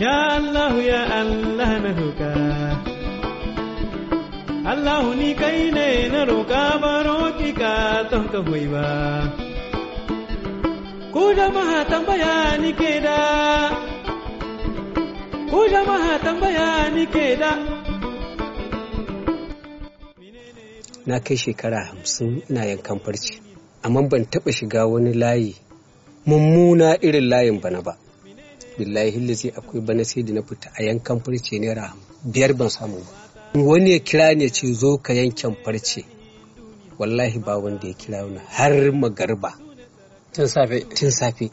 Ya Allah ya Allah na roƙa Allah ni kai ne na roƙa baro ki ka ton ka ba Ku jama'a tambaya ni ke da Ku jama'a tambaya ni ke da na kai shekara hamsin ina yankan farci amma ban taɓa shiga wani layi mummuna irin layin bana ba billahi lazi akwai bana sai da na fita a yankan farce naira biyar ban samu ba wani ya kira ne ce zo ka yankan farce wallahi ba wanda ya kira wani har magarba tun safe tun safe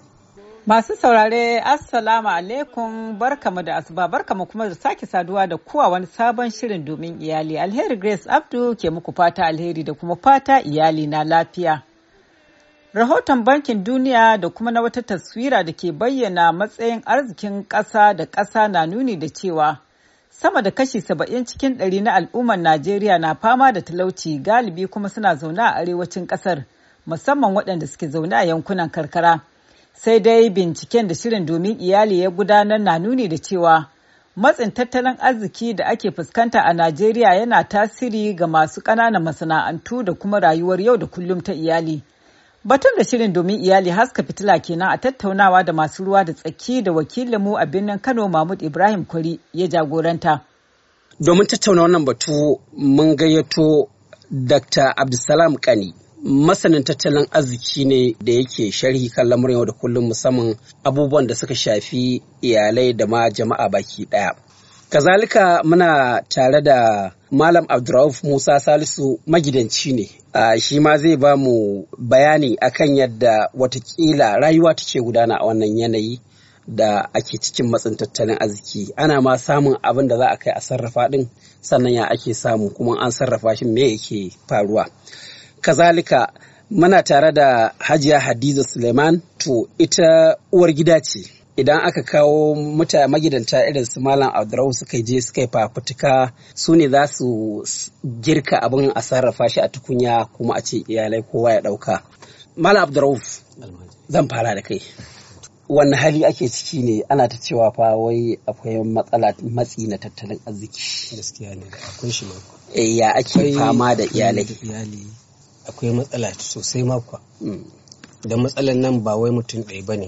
Masu saurare Assalamu alaikum barkamu da asuba barkamu kuma da sake saduwa da kuwa wani sabon shirin domin iyali alheri Grace Abdu ke muku fata alheri da kuma fata iyali na lafiya. Rahoton Bankin Duniya da kuma na wata taswira da ke bayyana matsayin arzikin ƙasa da ƙasa na nuni da cewa sama da kashi saba'in cikin ɗari na al'ummar Najeriya na fama da talauci galibi kuma suna zaune a arewacin ƙasar musamman waɗanda suke zaune a yankunan karkara. Sai dai binciken da shirin domin iyali ya gudanar na nuni da cewa matsin tattalin arziki da ake fuskanta a Najeriya yana tasiri ga masu ƙananan masana'antu da kuma rayuwar yau da kullum ta iyali. Batun da shirin domin iyali haska fitila kenan a tattaunawa da masu ruwa da tsaki da wakilinmu a birnin Kano Mahmud Ibrahim Kwari ya jagoranta. Domin tattauna wannan batu mun gayyato Dr. Abdulsalam Kani. masanin tattalin arziki ne da yake sharhi kan lamurin yau da kullum musamman abubuwan da suka shafi iyalai da ma jama'a baki ɗaya. Kazalika muna tare da Malam Abdurrauf Musa Salisu magidanci ne. Shi ma zai ba mu bayani akan yadda watakila rayuwa take gudana a wannan yanayi da ake cikin matsin tattalin arziki. Ana ma samun abin da za a kai a sarrafa ɗin sannan ya ake samu kuma an sarrafa shi me yake faruwa. Kazalika muna tare da Hajiya Hadiza Suleiman to ita uwar gida ce idan aka kawo mutane magidanta irin su malam abdurrahu suka je suka yi fafutuka su ne za su girka abin a sarrafa shi a tukunya kuma a ce iyalai kowa ya dauka malam abdurrahu zan fara da kai wani hali ake ciki ne ana ta cewa fa wai akwai matsala matsi na tattalin arziki gaskiya ne akwai shi eh, ya ake fama da iyalai akwai matsala sosai makwa mm. da matsalan nan ba wai mutum ɗaya ba ne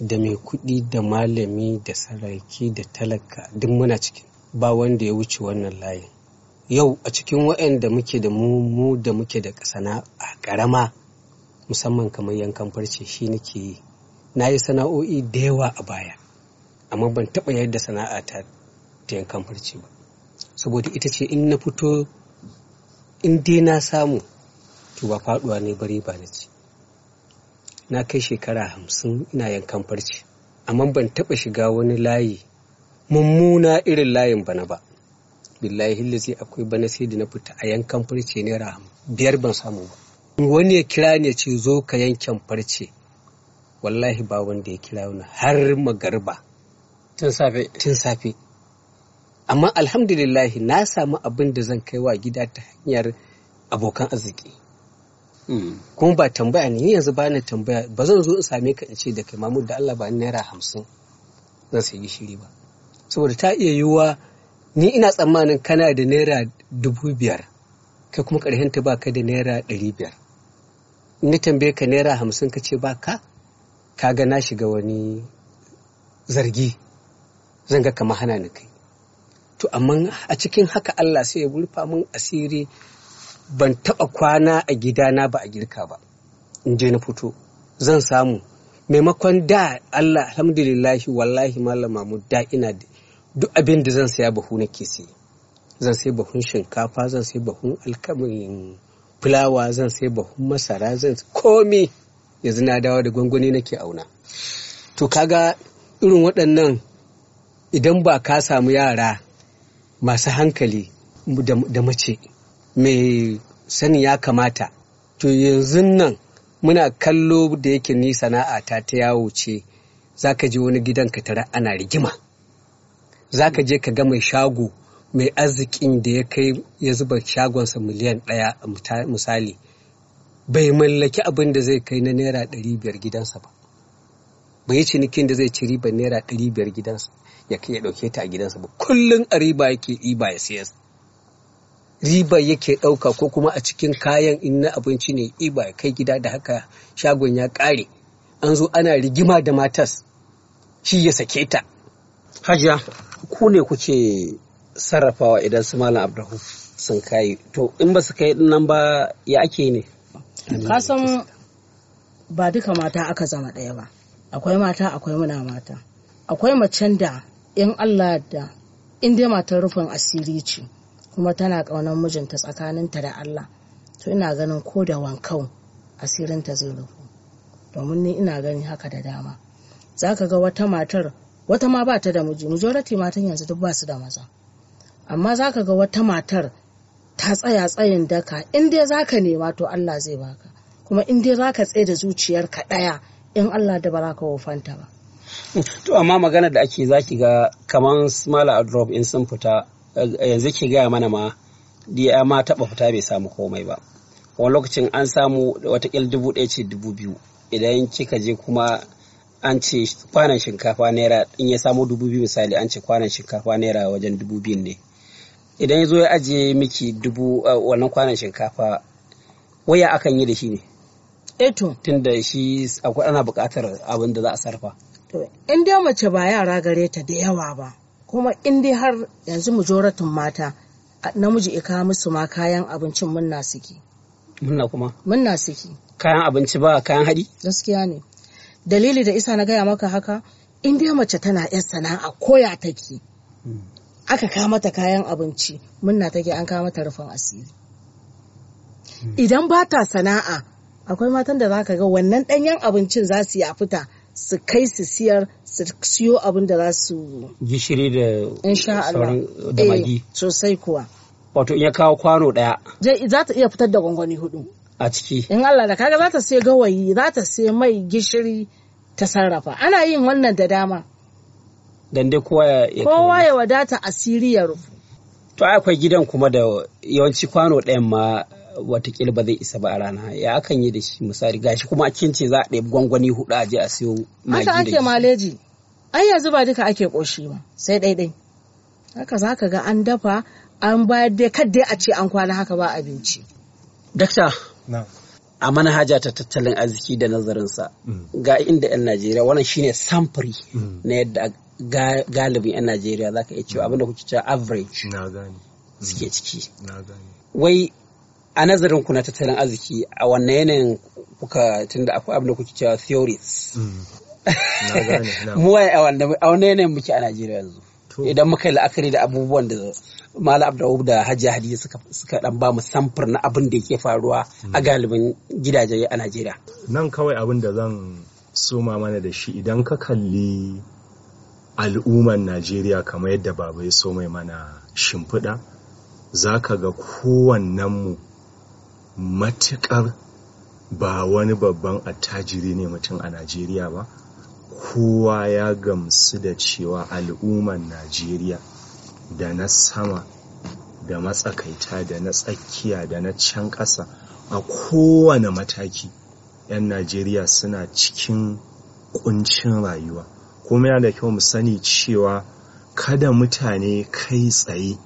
da mai kuɗi da malami da saraki da talaka duk muna cikin ba wanda ya wuce wannan layin yau a cikin waɗanda muke da mu da muke da sana'a ƙarama musamman kamar yankan farce shi nake yi na yi sana'o'i da yawa a baya amma ban taɓa yadda sana'a ta ta yankan farce ba saboda ita ce in na fito in dai na samu to ba faɗuwa ne bari ba na ci na kai shekara hamsin ina yankan farce amma ban taɓa shiga wani layi mummuna irin layin bana ba billahi lazi akwai bana sai da na fita a yankan farce naira biyar ban samu ba wani ya kira ne ce zo ka yankan farce wallahi ba wanda ya kira wani har magarba tun safe tun safe amma alhamdulillahi na samu abin da zan kai wa gida ta hanyar abokan arziki kuma ba tambaya ne yanzu ba ni tambaya ba zan zo in same ka in ce da kai mamud da Allah ba ni naira hamsin zan sayi gishiri ba saboda ta iya yiwuwa ni ina tsammanin kana da naira dubu biyar kai kuma ta ba ka da naira ɗari biyar in ni tambaye ka naira hamsin ka ce ba ka ka ga na shiga wani zargi zan ga kama hana ni kai to amma a cikin haka Allah sai ya burfa mun asiri ban taɓa kwana a gidana ba a girka ba in je na fito zan samu maimakon da Allah alhamdulillahi wallahi malam mu da ina duk abin da zan saya bahu nake kisi, zan sai bahun shinkafa zan sai bahun alkamin fulawa zan sai bahun masara zan komi yanzu na dawo da gwangwani nake auna to kaga irin waɗannan idan ba ka samu yara masu hankali da mace mai sani ya kamata to yanzu nan muna kallo da yake ni sana'a ta ta yawo ce za ka je wani gidan ka tara ana rigima za ka je ka ga mai shago mai arzikin da ya kai ya zuba shagonsa miliyan ɗaya misali bai mallaki abin da zai kai na naira ɗari biyar gidansa ba bai cinikin da zai ci riba naira ɗari biyar gidansa ya kai ya ɗauke ta a gidansa ba kullum a riba yake iba ya siyasa riba yake ɗauka ko kuma a cikin kayan in na abinci ne iba kai gida da haka shagon ya ƙare an zo ana rigima da matas shi ya sake ta hajiya ku ne kuke sarrafawa idan su malam abdahu sun kai to in ba su kai nan ba ya ake ne kasan ba duka mata aka zama ɗaya ba akwai mata akwai muna mata akwai macen da in allah da in dai matar rufin asiri ce kuma tana ƙaunar mijinta tsakaninta da Allah to ina ganin ko da wankan asirinta zai rufu domin ni ina gani haka da dama za ka ga wata matar wata ma ba ta da miji majority matan yanzu duk ba su da maza amma za ka ga wata matar ta tsaya tsayin daka in dai za ka nema to Allah zai baka kuma in dai za ka tsaye da zuciyarka ɗaya in Allah da ba za ka wofanta ba to amma magana da ake zaki ga kamar smaller drop in sun fita yanzu ke gaya mana ma ya ma taɓa fita bai samu komai ba wani lokacin an samu watakil dubu ɗaya ce dubu biyu idan kika je kuma an ce kwanan shinkafa naira in ya samu dubu biyu misali an ce kwanan shinkafa naira wajen dubu biyun ne idan ya zo ya ajiye miki dubu wannan kwanan shinkafa waya akan yi da shi ne eto eh tun da shi akwai ana bukatar abin da za a sarfa in dai mace ba yara gare ta da yawa ba kuma in dai har yanzu majoratin mata namiji ya kawo musu ma kayan abincin munna suke munna kuma munna suke kayan abinci ba kayan hadi? gaskiya ne dalili da isa na gaya maka haka in dai mace tana yan sana'a koya take hmm. aka kawo mata kayan abinci munna take an kawo mata rufin asiri hmm. idan ba ta sana'a akwai matan da za ka ga wannan ɗanyen abincin za su yi a fita su kai su siyar su siyo abin da za su gishiri da sauran da eh, magi sosai kuwa wato in ya kawo kwano daya za ta iya fitar da gwangwani hudu a ciki in Allah da kaga za ta sai gawayi za ta sai mai gishiri ta sarrafa ana yin wannan da dama dan dai kowa ya kowa ya wadata asiri ya rufu to akwai gidan kuma da yawanci kwano ɗayan ma watakila ba zai isa ba a rana ya akan yi da shi misali gashi kuma kin ce za a ɗaya gwangwani hudu a je a siyo magi da ake maleji ai yanzu zuba duka ake ƙoshi ba sai ɗaiɗai haka za ka ga an dafa an bayar dai kad dai a ce an kwana haka ba abinci dakta a manhaja ta tattalin arziki da nazarinsa mm. ga inda 'yan najeriya wannan shine samfuri mm. na yadda galibin 'yan najeriya za ka iya cewa abinda kuke cewa average mm. suke ciki Na wai a nazarin ku na tattalin arziki a wannan yanayin kuka tunda akwai abin da kuke cewa theories mm. mu a wannan yanayin muke a Najeriya yanzu idan muka yi la'akari da abubuwan da Mala Abdul da Hajiya Hadi suka suka dan ba mu samfur na abin da yake faruwa a mm. galibin gidaje a Najeriya nan kawai abin da zan soma mana da shi idan ka kalli al'umman Najeriya kamar yadda baba ya so mai mana shimfiɗa za ka ga kowannenmu matuƙar ba wani babban attajiri ne mutum a najeriya ba kowa ya gamsu da cewa al'umman najeriya da na sama da matsakaita da na tsakiya da na can ƙasa a kowane mataki 'yan najeriya suna cikin ƙuncin rayuwa kuma yana da kyau mu sani cewa kada mutane kai tsaye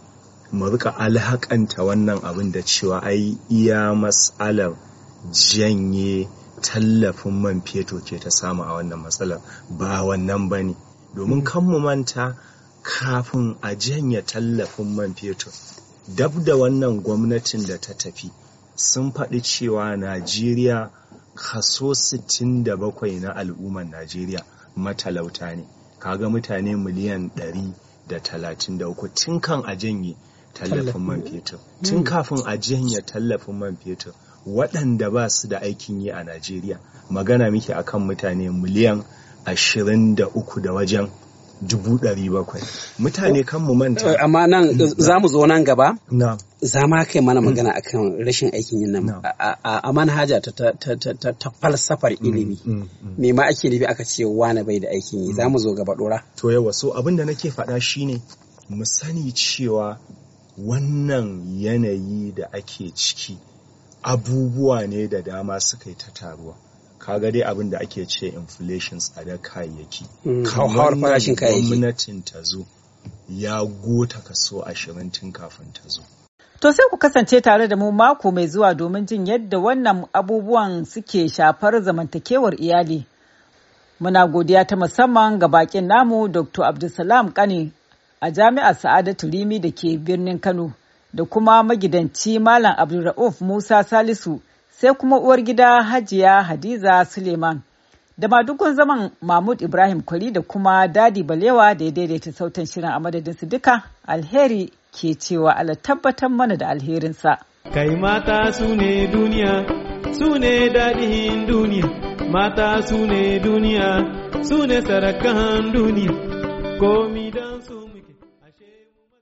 mu rika alhakanta wannan abin da cewa ai iya matsalar janye tallafin man fetur ke ta samu a wannan matsalar ba wannan ba ne domin kan mu manta kafin a janye tallafin man fetur dab da wannan gwamnatin da ta tafi sun faɗi cewa najeriya kaso 67 na al'ummar najeriya matalauta ne kaga mutane miliyan da 133 tun kan a janye tallafin man fetur tun kafin a janye tallafin man fetur waɗanda ba su da aikin yi a najeriya magana muke akan mutane miliyan ashirin da uku da wajen dubu ɗari bakwai mutane kan mu manta eh, amma nan za mu zo nan gaba za ma kai mana mm. magana akan rashin aikin yin nan a manhaja ta falsafar mm, ilimi mm, me ma ake nufi aka ce wani bai da aikin yi za mu zo gaba ɗora to yawa so abin da nake faɗa shine mu sani cewa wannan yanayi da ake ciki abubuwa ne da dama suka yi ta taruwa kaga dai abin da ake ce inflation tsadar kayayyaki mm, kawar farashin kayayyaki gwamnatin ta zo ya gota kaso ashirin tun kafin ta zo To sai ku kasance tare da mu mako mai zuwa domin jin yadda wannan abubuwan suke shafar zamantakewar iyali. Muna godiya ta musamman ga bakin namu Dr. Abdulsalam Kani. a jami'ar Sa'adatu Rimi da ke birnin Kano da kuma magidanci Malam Abdulra'uf Musa Salisu sai kuma uwar gida Hajiya Hadiza Suleiman. Da dukkan zaman Mahmud Ibrahim Kwari da kuma Dadi Balewa da ya daidaita sautan shirin a madadin su duka alheri ke cewa ala tabbatar mana da alherinsa. Kai mata su ne duniya, su ne dadihin duniya, mata su ne duniya, su ne sarakan duniya, komi dan su.